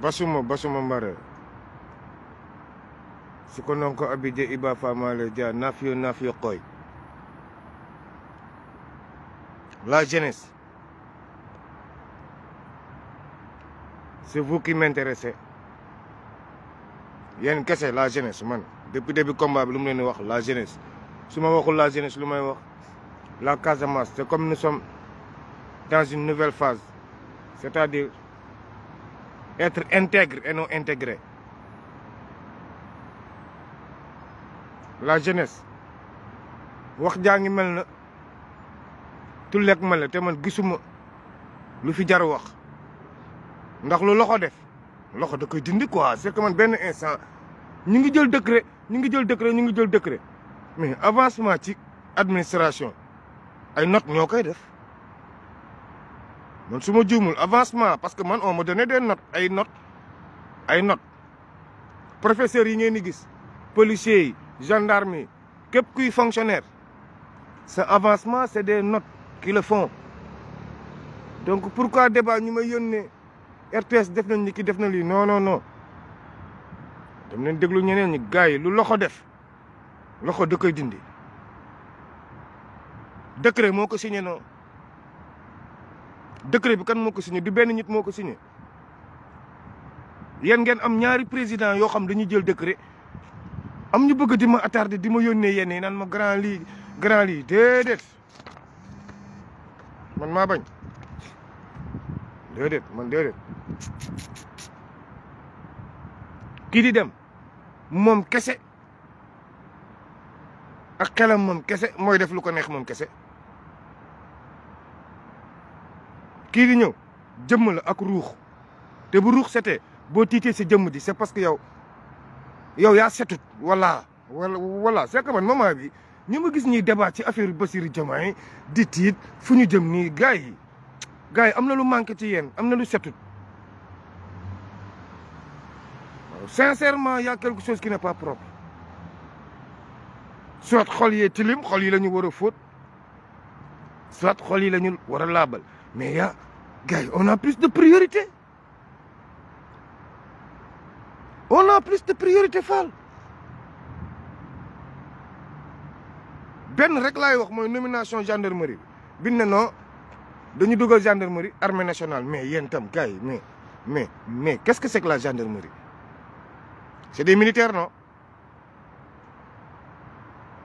basuma basuma mbare soko non ko abidje iba famale dia nafiyo nafiyo koy la jeunesse c'est vous qui m'intéressez kese la jeunesse man depuis début combat bi lu mu leen di wax la jeunesse su ma waxul la jeunesse lu may wax la Casamance c'est comme nous sommes dans une nouvelle phase c'est-à-dire être intègre et non intégré. La jeunesse wax jaa ngi mel na lekk mel la te man gisuma lu fi jar wax ndax lu loxo def loxo da koy dindi quoi c'est que man benn instant ñu ngi jël décret ñu ngi jël décret ñu ngi jël décret mais avancement ci administration ay notes ñoo koy def. man su ma juumul avancement parce que man on m'a donné des notes ay notes ay notes professeurs yi ngeen di gis policiers yi gendarmes yi képp kuy fonctionnaire sa avancement c'est des notes qui le font donc pourquoi débat ñu may yónnee RTS def nañ ni ki def na lii no non non dam leen déglu ñeneen ñi gars yi lu loxo def loxo da koy dindi décret moo ko signé noonu décret bi kan moo ko signé du benn nit moo ko signé yéen ngeen am ñaari président yoo xam dañuy jël décret am ñu bëgg di ma attardé di ma yónnee yenn yi naan ma grand lii grand lii déedéet man maa bañ déedéet man déedéet kii di dem moom kese a xelam moom kese mooy def lu ko neex moom kese kii di ñëw jëmm la ak ruux te bu ruux setee boo tiitee si jëmm di c'est parce que yow yow yaa setut walla wala voilà c'est que man moment bi ma gis ñuy débat ci affaire Bassirou Diomaye di tiit fu ñu jëm nii gars yi gars yi am na lu manqué ci yéen am na lu setut sincèrement y a quelque chose qui n'est pas propre soit xol yee tilim xol yi la ñu war a fóot soit xol yi la ñu war a laabal Mais il y a, on a plus de priorité. On a plus de priorité Fall. benn rek laay wax mooy nomination gendarmerie bi ne non dañu dugal gendarmerie armée nationale mais yéen tam yi mais mais mais qu'est-ce que c'est que la gendarmerie c'est des militaires non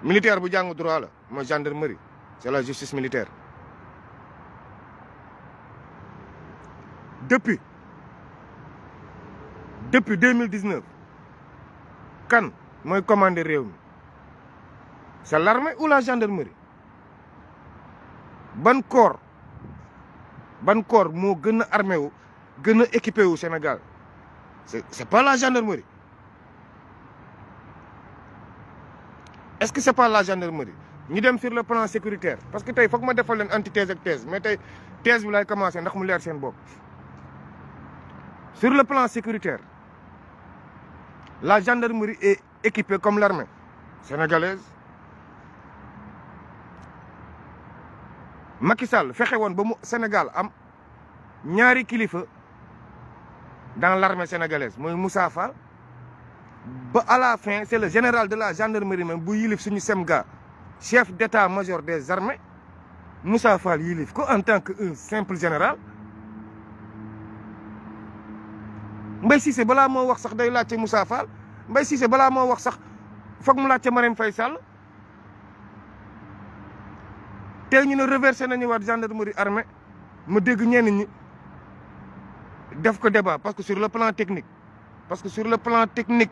militaire bu jàng droit la mooy gendarmerie c'est la justice militaire. depuis dëpuis deux mille dix-neuf kan mooy commander réew mi c'est l'armée ou la gendarmerie ban corps ban corps moo gën a armé wu gën a équipé wu Sénégal c'est c'est pas la gendarmerie est-ce que c'est pas la gendarmerie ñu dem sur le plan sécuritaire parce que tey foog ma defal leen antithèse ak thèse mais tey thèse bi laay commencer ndax mu leer seen bopp. Sur le plan sécuritaire, la gendarmerie est équipée comme l'armée sénégalaise. Macky fexe woon ba mu Sénégal am ñaari kilifa dans l'armée sénégalaise mooy Moussa Fall ba à la fin c'est le général de la gendarmerie même bu yilif suñu semga chef d'état-major des armées Moussa Fall yilif ko en tant que un simple général Mbaye Cissé balaa moo wax sax day laajte Moussa Fall Mbaye Cissé balaa moo wax sax foog mu laajte Marème fay Sall tey ñu ne reversé nañu waat gendarmerie armée ma dégg ñenn ñi def ko débat parce que sur le plan technique parce que sur le plan technique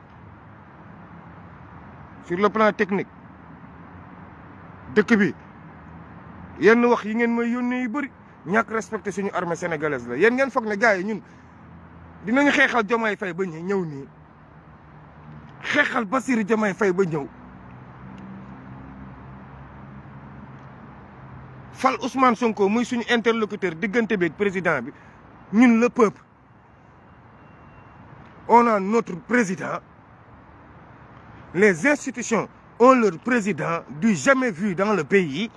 sur le plan technique dëkk bi yenn wax yi ngeen may yónnee yu bëri ñàkk respecté suñu armée sénégalaise la yen ngeen foog ne gars yi ñun dinañ xeexal Diomaye fay ba ñëw nii xeexal ba Bassirou Diomaye Faye ba ñëw fal Ousmane Sonko muy suñu interlocuteur diggante beeg président bi ñun le peuple on a notre président les institutions ont leur président du jamais vu dans le pays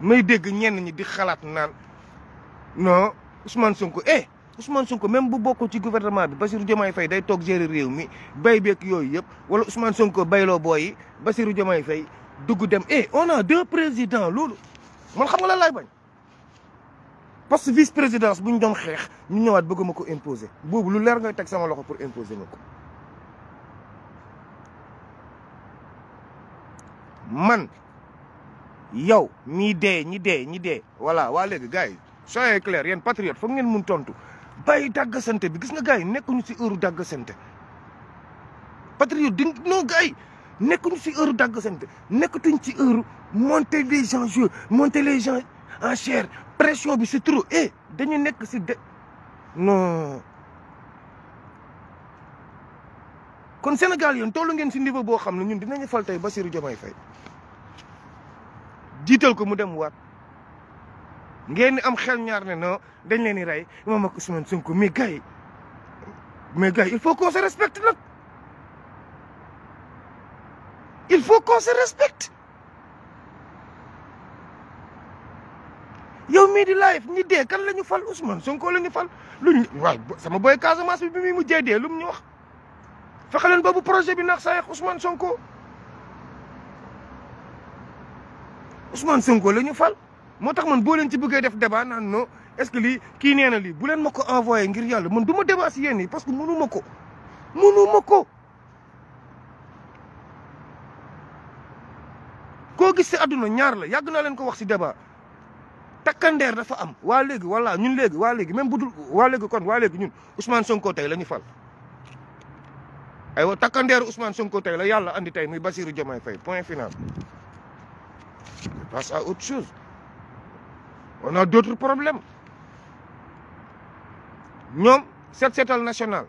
may dégg ñenn ñi di xalaat naan non Ousmane Sonko eh Ousmane Sonko même bu bokk ci gouvernement bi Bassirou Diomaye Faye day toog gérer réew mi bay beeg yooyu yëpp wala Ousmane Sonko bayloo booy yi Bassirou Diomaye Faye dugg dem eh on a deux présidents loolu man xam nga lan laay bañ parce que vice président bu ñu doon xeex ñu ñëwaat bëgguma ko imposer boobu lu leer ngay teg sama loxo pour imposer ma ko. man yow mii dee ñi dee ñi dee wala waa léegi gars yi soyez clair yéen patriote foog ngeen mun tontu. bàyyi dàggasante bi gis nga gars yi nekkuñu si heure dàggasante patriote di non gars yi nekkuñu si heure dàggasante nekkatuñ ci heure monter les gens jeu monter les gens en chair pression bi c'est trop eh dañu nekk si de non kon Sénégal yéen tollu ngeen si niveau boo xam ne ñun dinañu fal ba Bassirou Diomaye Faye jiital ko mu dem waat ngeen am xel ñaar ne non dañ leen di rey moom ak Ousmane Sonko mais gars mais il faut qu'on se respecte il faut qu'on se yow mii di live ñi dee kan la ñu fal Ousmane Sonko la ñu fal luñ sama boy Casamance bi bi muy mujjee dee lu mu ñu wax fexe leen ba bu projet bi naax saa Ousmane Sonko Ousmane Sonko la ñu fal. moo tax man boo leen ci bëggee def débat naan non est-ce que lii kii neena lii buleen leen ko envoyé ngir yàlla man du ma débat si yéen yi parce que mënu ma ko mënu ko gis si àdduna ñaar la yàgg naa leen ko wax si débat takkandeer dafa am waa léegi walla ñun léegi waa léegi même bu dul waa léegi kon waa léegi ñun Ousmane Sonko tey la ñu fal aywa takkandeeru Ousmane Sonko tey la yàlla andi tey muy Bassirou Diomaye Faye point final passe à autre chose on a problème ñoom set setal national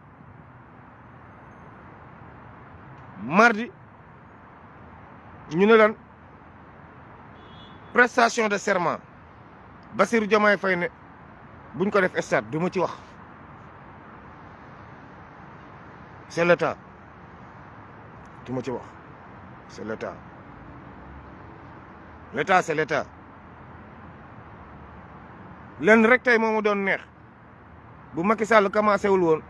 mardi ñu ne lan prestation de serment Bassirou Diomaye fay ne buñ ko def stade du ma ci wax c'est leta du ma ci wax c'est l'état l'état c'est l'état lenn rek tey moo ma doon neex bu Macky Sall commencé wul woon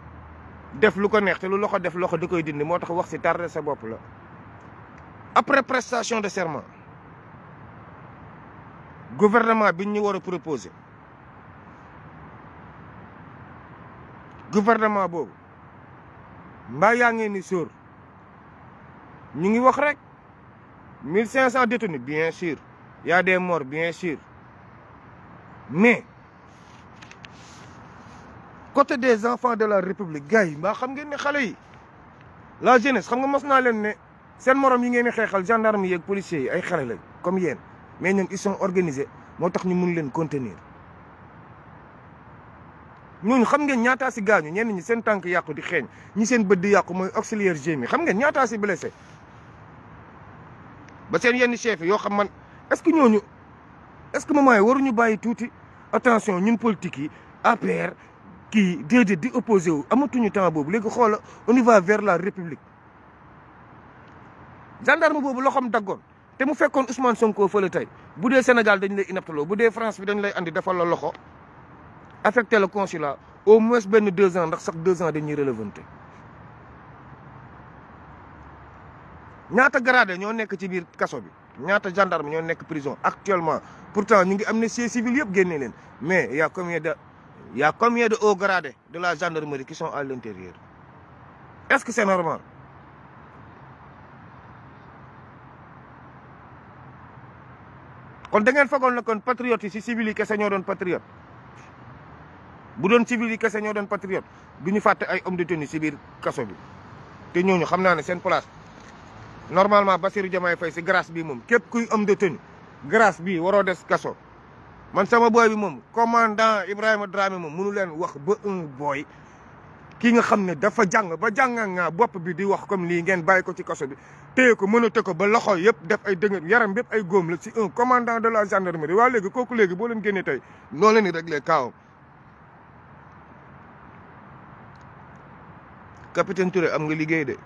def lu ko neex te lu loxo def loxo da koy dindi moo tax wax si tardé sa bopp la. après prestation de serment gouvernement bi ñu war a proposé gouvernement boobu mbaa yaa ngeen ni sóor ñu ngi wax rek mille cinq cent détenus bien sûr y a des morts bien sûr mais côté des enfants de la république gars yi mbaa xam ngeen ne xale yi la jeunesse xam nga mos naa leen ne seen morom yi ngeen di xeexal gendarme yeeg policiers yi ay xale lañ comme yéen mais ñoom ils organiser moo tax ñu mun leen contenir ñooñu xam ngeen ñaataa si gaañu ñenn ñi seen tànk yàqu di xeeñ ñi seen bët di yàqu mooy auxiliaire gémi xam ngeen ñaataa si blessé ba seen yenn chef yoo xam man est-ce que ñooñu est-ce que moment yi waruñu bàyyi tuuti attention ñun politique yi APR kii déedéet di opposé wu amatuñu temps boobu léegi xoola on y va vers la république gendarme boobu loxoom daggoon te mu fekkoon Ousmane Sonko fële tey bu dee Sénégal dañ lay inaptaloo bu dee France bi dañ lay andi defal la loxo affecte le consulat au moins benn deux ans ndax sax deux ans dañuy relevanté ñaata gradé ñoo nekk ci biir kaso bi ñaata gendarme ñoo nekk prison actuellement pourtant ñu ngi am ne civil yëpp génnee leen mais y a combien Il y a combien de hauts gradés de la gendarmerie qui sont à l'intérieur Est-ce que c'est normal kon da ngeen fagoon na kon patriote yi si civil yi kese ñoo doon patriote bu doon civil yi kese ñoo doon patriote du ñu fàtte ay homme de tenue kaso bi te ñu xam naa ne seen place normalement Bassirou Diomaye Faye si grâce bii moom képp kuy am de tenue grâce bii waroo des kaso man sama booy bi moom commandant Ibrahima Dramé moom mënu leen wax ba un booy ki nga xam ne dafa jàng ba jàng nga bopp bi di wax comme lii ngeen bàyyi ko ci kaso bi téye ko mënate ko ba loxo yëpp def ay dëngat yaram yëpp ay góom la ci un commandant de la gendarmerie waa léegi kooku léegi boo leen génnee tey noo leen di réglé kaawam capitaine Touré am nga liggéey de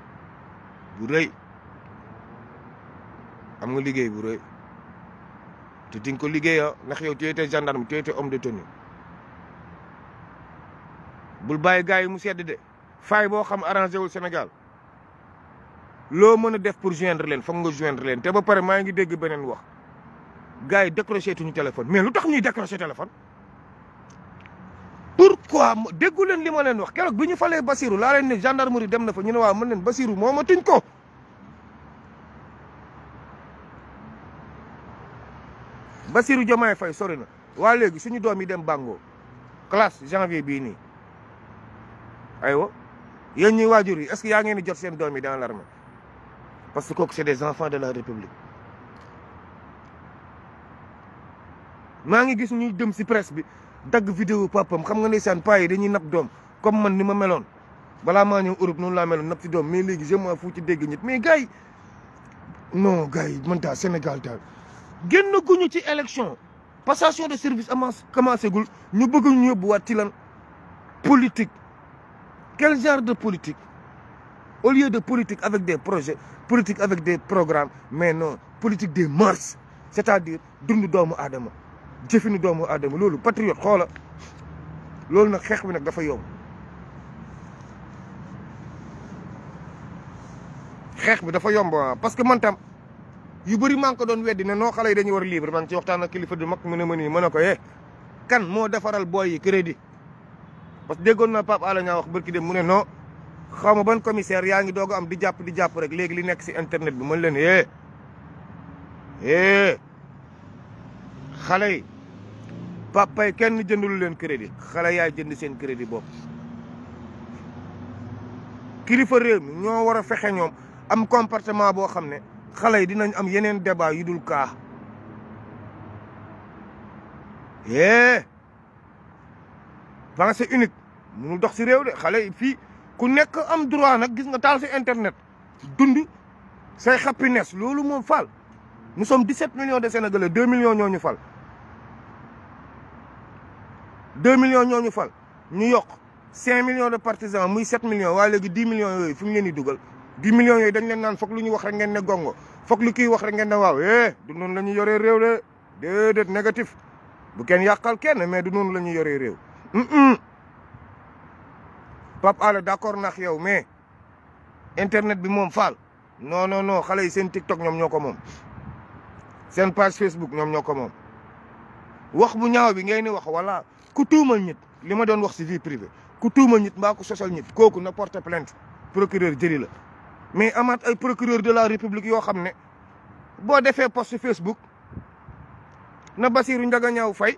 bu am nga liggéey bu rëy te di nga ko liggéeya ndax yow tu étais gendarme tu étais homme de tenue bul bàyyi gars yi mu sedd de faay boo xam arrangé wul Sénégal loo mën a def pour joindre leen foog nga joindre leen te ba pare maa ngi dégg beneen wax gars yi décroché tuñu téléphone mais lu tax ñuy décroché téléphone. pourquoi déggu leen li ma leen wax keroog bi ñu falee Basirou laa leen ne gendarmerie dem na fa ñu ne waa mën leen Basirou moomatuñ ko. Bassirou Diomaye Faye sori na waa léegi suñu doom yi dem Bango classe janvier bii nii aywa yéen ñuy waajur yi est-ce que yaa ngeen di jot seen doom yi dans l'armée parce que kooku c'est des enfants de la République maa ngi gis ñuy dem si presse bi dagg vidéo papam xam nga ndeysaan paa yi dañuy napp doom comme man ni ma meloon balaa maa ñëw Europe noonu laa meloon nap ci doom mais léegi je m'en fous ci dégg nit mais gay yi non gars yi man daal Sénégal daal génn guñu ci élection passation de service amas commencé gul ñu bëgg ñu yóbbuwaat ci lan politique quel genre de politique au lieu de politique avec des projets politique avec des programmes mais non politique des mœurs c'est-à-dire dund doomu aadama jëfinu doomu aadama loolu patriote xoola loolu nag xeex bi nag dafa yomb xeex bi dafa yomb ah, parce que man yu bëri maa ko doon weddi ne noo xale yi dañuy war libre man ci waxtaan ak kilifa du mag mu ne ma nii mën a ko yee eh, kan moo defaral booy crédit parce que déggoon na Pape ala ñaa wax bërki dem mu ne noo xaw ma ban commissaire yaa ngi doog am di jàpp di jàpp rek léegi li nekk si internet bi mën leen yee eh, eh, yee xale yi papa kenn jëndul leen crédit xale yaay jënd seen crédit bopp kilifa ñoo war a fexe ñoom am comportement boo xam ne xale yi dinañ am yeneen débat yi dul kaa é eh, pensée unique munul dox si réew de xale yi fii ku nekk am droit nag gis nga taal si internet dund say happiness loolu moom fal nous sommes 17 millions de sénégalais 2 million ñoo ñu fal 2 millions ñoo ñu fal ñu yokk 5 millions de partisans muy 7 millions waaye léegi 10 millions yooyu fu mu leen di dugal 10 millions yooyu dañ leen naan foog lu ñu wax rek ngeen ne gongo foog lu kii wax rek ne waaw eh du noonu la ñu yoree réew de déedéet négatif bu kenn yàqal kenn mais du noonu la ñu yore yoree réew. Pape Alé d'accord nax yow mais internet bi moom faal non non non xale yi seen TikTok ñoom ñoo ko moom seen page Facebook ñoom ñoo ko moom. wax bu ñaaw bi ngay ni wax wala ku tuumal ñit li ma doon wax si vie privée ku tuumal nit mbaa ku sosal nit kooku na porter plainte procureur jëli la mais amaat ay procureur de la république yoo xam ne boo defee post Facebook na Basirou Ndiaga ñaaw fay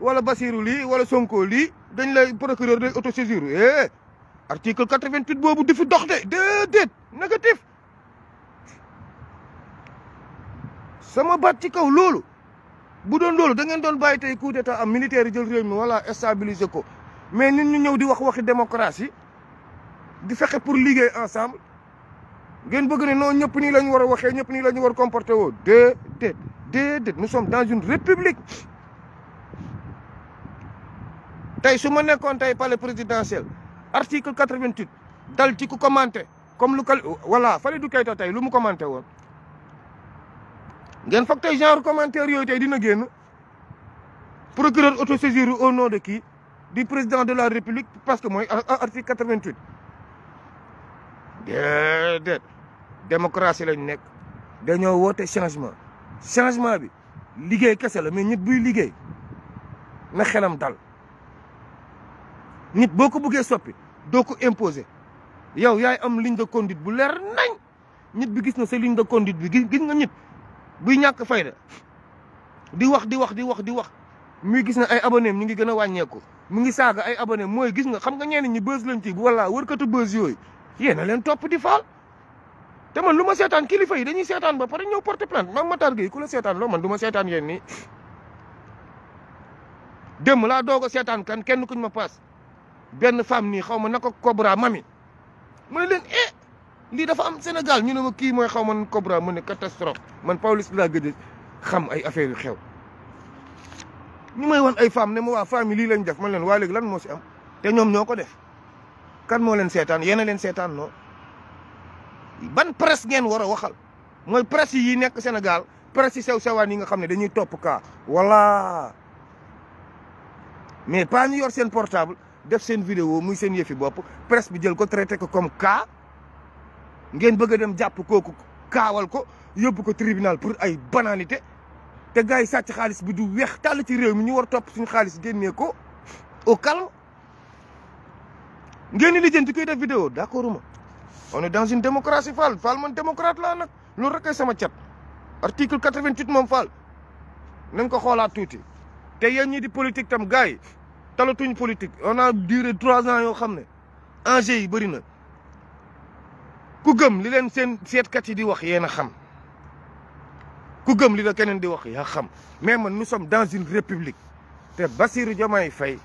wala Basirou lii wala Sonko lii dañ lay procureur day autosaisir eh article quatre-vingt-huit boobu di fi dox de déedéet négatif sama baat ci kaw loolu bu doon loolu da ngeen doon bàyyi tey coup d'état am militaire jël réew mi wala stabiliser ko mais nit ñu ñëw di wax waxi démocratie di fexe pour liggéey ensemble ngeen bëgg ne non ñëpp nii la ñu war a waxee ñëpp nii la ñu war a comporté woo déedéet déedéet nous sommes dans une république tey su ma nekkoon tey palais présidentiel article quatre-vingt-huit dal ci ku commenté comme lu kal voilà fale du kayta tey lu mu commenté woon gen foog tey genre commentaire yooyu tey dina génn procureur autosaisir au nom de qui du président de la république parce que mooy article quatre-vingt-huit déedéet démocratie lañu nekk dañoo woote changement changement bi liggéey kese la mais nit buy liggéey na xelam dal nit boo ko bëggee soppi doo ko imposer yow yaay am ligne de conduite bu leer nañ nit bi gis na se liñ de conduite bi gis nga nit buy ñàkk fayda di wax di wax di wax di wax muy gis na ay abonné ñu ngi gën a wàññeeku mu ngi saaga ay abonné mooy gis nga xam nga ñenn ñi bës lañ ci war wërkatu bës yooyu yéena leen topp di faal te man lu ma seetaan kilifa yi dañuy seetaan ba pare ñëw porte plainte Mame Matar Gueye ku la seetaan loo man du ma seetaan yéen nii démb laa doog a seetaan kan kenn kuñ ma paas benn fem nii xaw ma naka Cobra mami mu ne leen eh lii dafa am Sénégal ñu ne ma kii mooy xaw ma Cobra mu ne catastrophe man Pawlish laa gëj xam ay affaire yu xew ñu may wan ay femme ne ma waa lii lañ def man leen waa léegi lan moo si am te ñoom ñoo ko def kan moo leen seetaan yéen a leen seetaan noo ban presse ngeen war a waxal mooy presse yii nekk Sénégal presse yi sew sewaan yi nga xam ne dañuy topp kaa wala mais pas ñu yor seen portable def seen vidéo muy seen yëfi bopp presse bi jël ko traité ko comme kaa ngeen bëgg a dem jàpp kooku kaawal ko yóbbu ko tribunal pour ay banalité te gars yi sàcc xaalis bi du weex tàll ci réew mi ñu war topp suñu xaalis génnee ko au calme ngeen di lijjanti koy def vidéo d'accord ma on est dans une démocratie Fall Fall man démocrate laa nag loolu rek ay sama cat article 88 moom Fall nañ ko xoolaat tuuti te yéen ñi di politique tam gars yi talatuñ politique on a duré trois ans yoo xam ne enjeux yi bëri na ku gëm li leen seen seetkat yi di wax yéen a xam ku gëm li la keneen di wax yaa xam mais man nous dans une république te Bassirou Diomaye Faye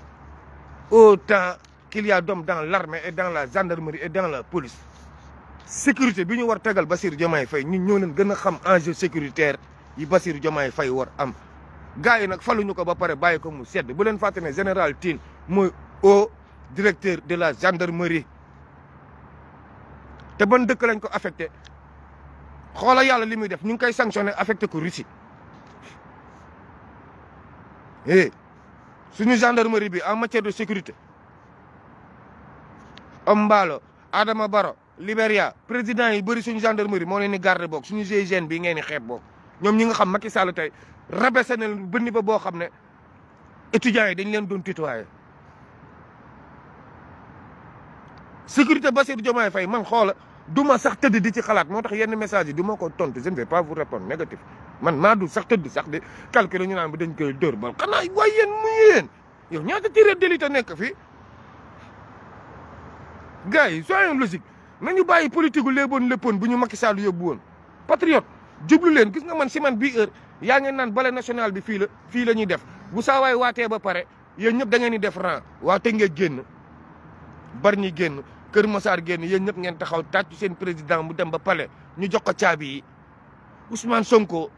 autant qu'il y a d'hommes dans l'armée et dans la gendarmerie et dans la police sécurité bi ñu war tegal Bassirou Diomaye Faye ñun ñoo leen gën a xam enjeu sécuritaire yi Bassirou Diomaye fay war am gars yi nag ñu ko ba pare bàyyi ko mu sedd bu leen fàtte ne général Tine mooy au directeur de la gendarmerie te ban dëkk lañ ko affecté xoola yàlla li muy def ñu ngi koy sanctionné affecté ko Russie eh suñu gendarmerie bi en matière de sécurité am mbaalo Adama Baro Libéria président yi bëri suñu gendarmerie moo leen ni garde boog suñu GIGN bii ngeen di xeeb boog ñoom ñi nga xam Macky Sall tey rabaissé na ba niveau boo xam ne étudiants yi dañ leen doon tutoyer. sécurité Bassirou Diomaye fay man xoola du ma sax tëdd di ci xalaat moo tax yenn message yi ma ko tontu je ne vais pas vous répondre négatif man maa du sax tëdd sax di calculer ñu naan bi dañ koy dóor bal xanaa waaye yéen mu yéen yow ñaata tireur d'élite nekk fii gars yi soyons nañu bàyyi politique gu léeboon léppoon bu ñu Macky Sall yóbbu woon patriote jublu leen gis nga man si man bii heure yaa ngeen naan ballet national bi fii la fii la ñuy def bu saa waatee ba pare yéen ñëpp da ngeen di def rang waa Tëngéej génn bari ñi génn Kër Massar génn yéen ñëpp ngeen taxaw tàccu seen président mu dem ba palais ñu jox ko caabi yi Ousmane Sonko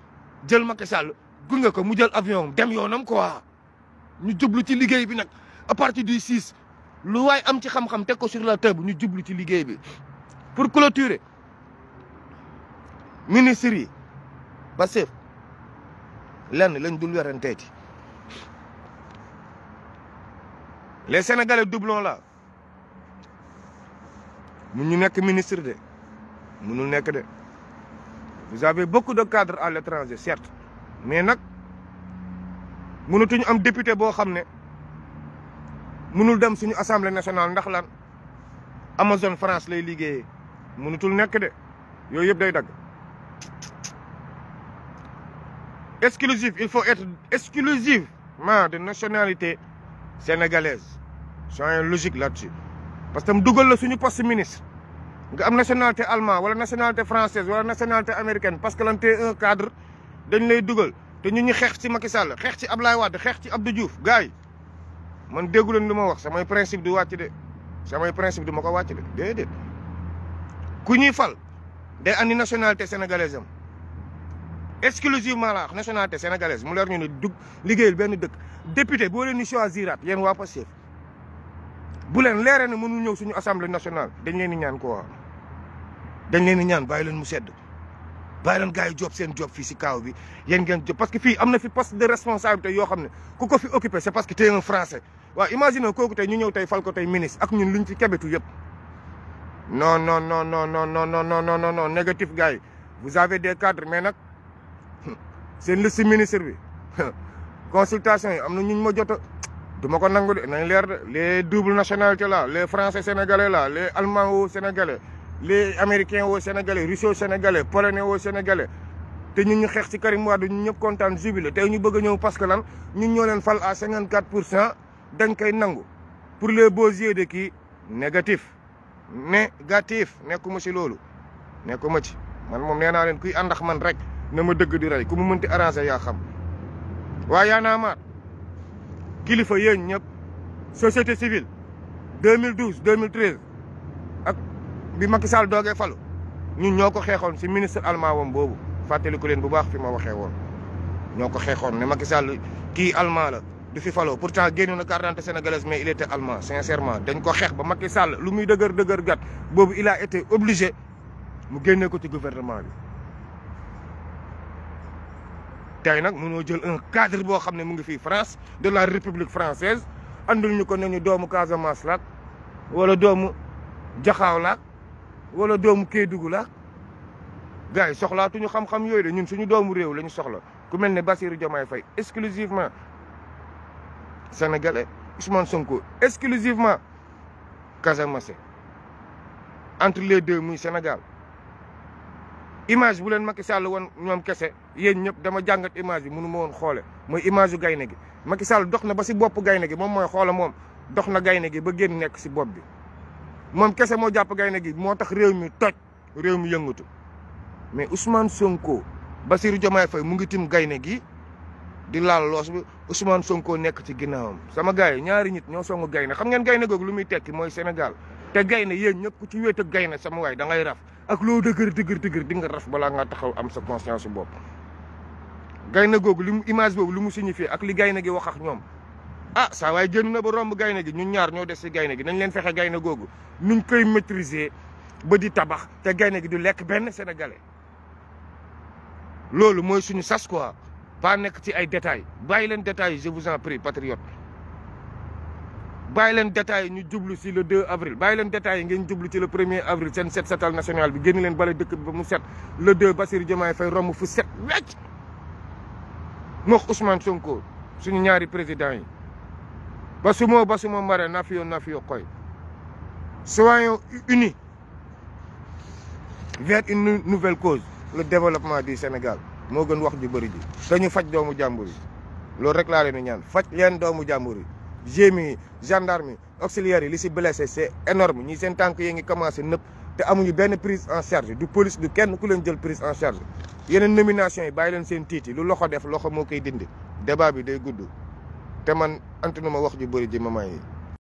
jël Macky Sall gunge ko mu jël avion dem ko quoi ñu jublu ci liggéey bi nag à partir du 6 lu waay am ci xam-xam teg ko sur la ñu jublu ci liggéey bi. pour clôturer ministre yi Pastef lenn lañ dul weranteeti les sénégalais doublon la mun ñu nekk ministre de munul nekk de vous avez beaucoup de cadre à l'étranger certes mais nag mënatuñu am député boo xam ne munul dem suñu assemblée nationale ndax lan Amazon France lay liggéeye mënutul nekk de yooyu yëpp day dagg exclusive il faut être exclusivement de nationalité sénégalaise soyons logique la dessus parce que mu dugal la suñu post ministre nga am nationalité allemand wala nationalité française wala nationalité américaine parce que lan tey un cadre dañ lay dugal te ñu ñu xeex ci Macky Sall xeex ci Ablaye Wade xeex ci Abdou Diouf gars yi man déggu leen lu ma wax samay principe du wàcc de samay principe du ma ko wàcc de déedéet ku ñuy fal day andi nationalité sénégalaise am exclusivement la wax nationalité sénégalaise mu leer ñu ne dug liggéey benn dëkk député boo leen di choisiraat yéen waa Pastef bu leen leeree ne mënul ñëw suñu assemblée nationale dañ leen di ñaan ko waa dañ leen di ñaan bàyyi leen mu sedd bàyyi leen gars yi job seen job fii si kaaw bi yéen ngeen job parce que fii am na fi poste de responsabilité yoo xam ne ku ko fi occupé c'est parce que t'es un français imagine kooku ñu ñëw tey fal ko te ministre ak ñun luñ fi kebetu yëpp non non non non non non non non non non non négatif gars yi vous avez des cadres mais nag seen liste ministre bi consultation yi am na ñu ma jot du ma ko nangu de nañ leer de les double nationalité là les français sénégalais là les allemands au sénégalais les américains au sénégalais russes au sénégalais polonais au sénégalais. te ñun ñu xeex ci Karim Wade ñun ñëpp kontaan jubile tey ñu bëgg a ñëw parce que lan ñun ñoo leen fal à 54 pour cent dañ koy nangu pour les beaux yeux de kii négatif. négatif nekkuma ci loolu nekkuma ci man moom nee naa leen kuy àndax man rek na ma dëgg di rey ku mu mënti arrangé yaa xam waaye yaa naa maat kilifa yéen ñëpp société civile 2012 2013 ak bi Macky Sall doogee falu ñun ñoo ko xeexoon si ministre allemand wam boobu fàttaliku leen bu baax fi ma waxee woon ñoo ko xeexoon ne Macky Sall kii allemand la du fi faloo pourtant génnoon na carte d'identité sénégalaise mais il était allemand sincèrement dañ ko xeex ba Macky Sall lu muy dëgër dëgër gat boobu il été obligé mu génnee ko ci gouvernement bi. tay nag mënoo jël un cadre boo xam ne mu ngi fi France de la République française andul ñu ko ne ñu doomu Casamance laak wala doomu Jaxaaw laak wala doomu Kédougou laak gars yi soxlaatuñu xam-xam yooyu de ñun suñu doomu réew la ñu soxla ku mel ne Bassirou Diomaye Faye exclusivement sénégalais Ousmane Sonko exclusivement Casamance entre les deux muy Sénégal image bu leen Macky Sall woon ñoom kese yéen ñëpp dama jàngat image bi mënu ma woon xoole mooy image yu gaynde gi Macky dox na ba si bopp gaynde gi moom mooy xoola moom dox na gaynde gi ba génn nekk si bopp bi moom kese moo jàpp gaynde gi moo tax réew mi toj réew mi yëngatu mais Ousmane Sonko Bassirou Diomaye Faye mu ngi tim gaynde gi di laal loos bi Ousmane Sonko nekk ci ginnaawam sama gars yi ñaari nit ñoo songu gaynde xam ngeen gaynde googu lu muy tekki mooy Sénégal te gaynde yéen ñëpp ku ci wéet ak sama waay da ngay raf ak loo dëgër dëgër dëgër di nga raf balaa ngaa taxaw am sa conscience bopp. gaynde googu li mu image boobu li mu signifié ak li gaynde gi wax ak ñoom ah saa waay jënd na ba romb gaynde gi ñun ñaar ñoo des si gaynde gi nañ leen fexe gaynde googu nuñ koy maîtriser ba di tabax te gaynde gi du lekk benn sénégalais loolu mooy suñu sas quoi paa nekk ci ay détails bàyyi leen détails je vous en prie patriote bàyyi leen détails ñu jublu si le 2 avril bàyyi leen détails yi ngeen jublu ci le 1er avril seen set setal national bi génn leen bale dëkk bi mu set le 2 Bassirou Diomaye Faye romb fu set wecc mook Ousmane Sonko suñu ñaari président yi basumoo basumoo mare nafiyo nafiyo koy soyons unis vers une nouvelle cause le développement du Sénégal moo gën wax ju bëri ji te ñu faj doomu jàmbur yi loolu rek laa leen di ñaan faj leen doomu jàmbur yi gémi yi gendarme yi auxiliaires yi li si blessé c'est énorme ñi seen tànk yi ngi commencé nëpp te amuñu benn prise en charge du police du kenn ku leen jël prise en charge yeneen nomination yi bàyyi leen seen tiit yi lu loxo def loxo moo koy dindi débat bi day gudd te man ant na ma wax ju bëri ji mama yi